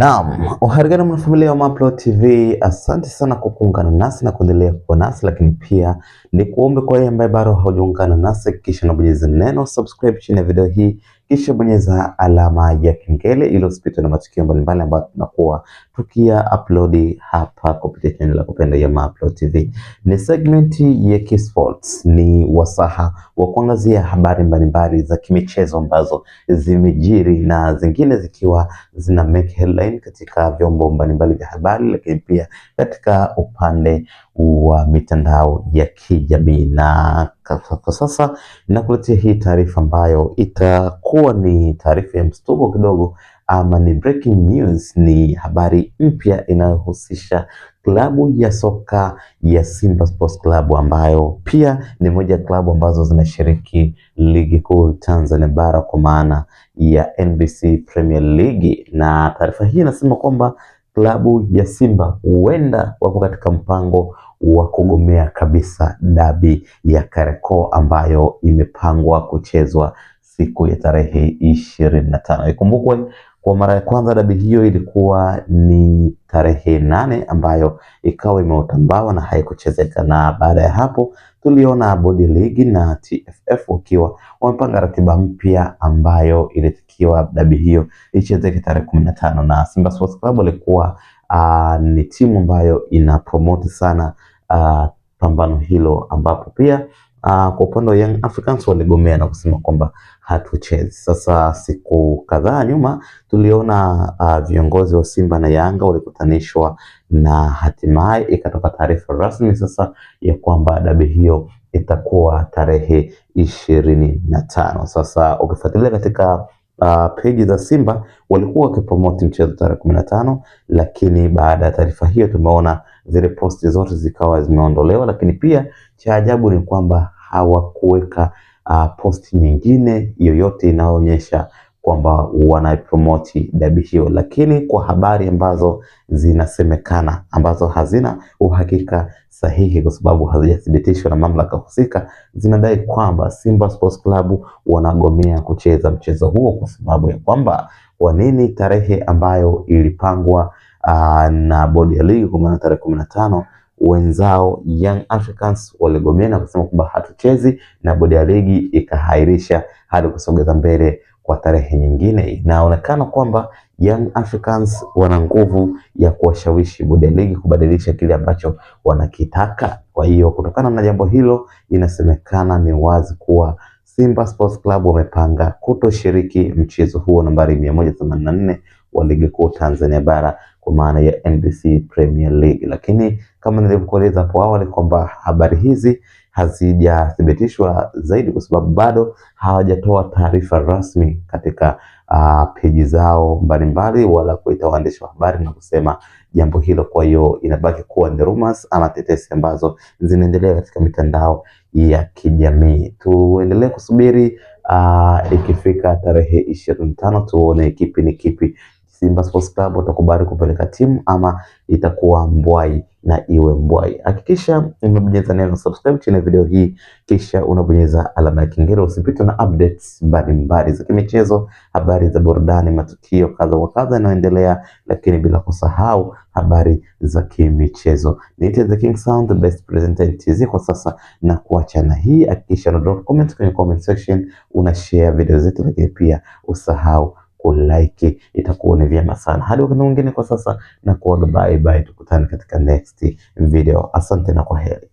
Naam, uharigani mwanafamilia wa Mapro TV, asante sana kwa kuungana nasi na kuendelea kuwa nasi, lakini pia ni kuombe kwa yeye ambaye bado haujaungana nasi, kisha unabonyeza neno subscribe chini ya video hii kisha bonyeza alama ya kengele ili usipitwe na matukio mbalimbali ambayo tunakuwa tukia upload hapa kupitia channel ya kupenda ya Mapro TV. Ni segment ya Kisports, ni wasaha wa kuangazia habari mbalimbali za kimichezo ambazo zimejiri na zingine zikiwa zina make headline katika vyombo mbalimbali vya habari, lakini pia katika upande wa mitandao ya kijamii na kwa sasa nakuletea hii taarifa ambayo itakuwa ni taarifa ya mstuko kidogo, ama ni breaking news, ni habari mpya inayohusisha klabu ya soka ya Simba Sports Club ambayo pia ni moja ya klabu ambazo zinashiriki ligi kuu Tanzania bara kwa maana ya NBC Premier League, na taarifa hii inasema kwamba klabu ya Simba huenda wako katika mpango wa kugomea kabisa dabi ya Kariakoo ambayo imepangwa kuchezwa siku ya tarehe ishirini na tano. Ikumbukwe kwa mara ya kwanza dabi hiyo ilikuwa ni tarehe nane ambayo ikawa imeotambawa na haikuchezeka, na baada ya hapo tuliona bodi ligi na TFF wakiwa wamepanga ratiba mpya ambayo ilitikiwa dabi hiyo ichezeke tarehe kumi na tano na Simba Sports Club walikuwa uh, ah, ni timu ambayo ina promote sana uh, pambano hilo ambapo pia Uh, kwa upande wa Young Africans waligomea na kusema kwamba hatuchezi. Sasa siku kadhaa nyuma tuliona uh, viongozi wa Simba na Yanga walikutanishwa na hatimaye ikatoka taarifa rasmi sasa ya kwamba dabi hiyo itakuwa tarehe ishirini na tano. Sasa ukifuatilia katika uh, ah, peji za Simba walikuwa wakipromote mchezo tarehe kumi na tano lakini baada ya taarifa hiyo tumeona zile posti zote zikawa zimeondolewa, lakini pia cha ajabu ni kwamba hawakuweka uh, posti nyingine yoyote inayoonyesha kwamba wanaipromoti hiyo, lakini kwa habari ambazo zinasemekana ambazo hazina uhakika sahihi kwa sababu hazijathibitishwa na mamlaka husika, zinadai kwamba Simba Sports Club wanagomea kucheza mchezo huo kwa sababu ya kwamba kwa nini tarehe ambayo ilipangwa uh, na bodi ya ligi kwa tarehe kumi na tano wenzao Young Africans waligomea na kusema kwamba hatuchezi, na bodi ya ligi ikahairisha hadi kusogeza mbele kwa tarehe nyingine. Inaonekana kwamba Young Africans wana nguvu ya kuwashawishi bodi ya ligi kubadilisha kile ambacho wanakitaka. Kwa hiyo kutokana na jambo hilo, inasemekana ni wazi kuwa Simba Sports Club wamepanga kutoshiriki mchezo huo nambari 184 wa ligi kuu Tanzania bara kwa maana ya NBC Premier League, lakini kama nilivyokueleza hapo awali kwamba habari hizi hazijathibitishwa zaidi kwa sababu bado hawajatoa taarifa rasmi katika uh, peji zao mbalimbali wala kuita waandishi wa habari na kusema jambo hilo. Kwa hiyo inabaki kuwa ni rumors ama tetesi ambazo zinaendelea katika mitandao ya kijamii. Tuendelee kusubiri uh, ikifika tarehe ishirini na tano tuone kipi ni kipi Simba Sports Club watakubali kupeleka timu ama itakuwa mbwai na iwe mbwai. Hakikisha umebonyeza neno subscribe chini ya video hii, kisha unabonyeza alama ya kengele, usipitwe na updates mbalimbali za kimichezo, habari za burudani, matukio kadha wa kadha yanayoendelea, lakini bila kusahau habari za kimichezo. Niite The King Sound, the best presenter TZ kwa sasa na kuacha na hii. Hakikisha una drop comment kwenye comment section, una share video zetu, lakini pia usahau kulike, itakuwa ni vyema sana. Hadi wakati mwingine, kwa sasa na kuaga bye bye, tukutane katika next video. Asante na kwa heri.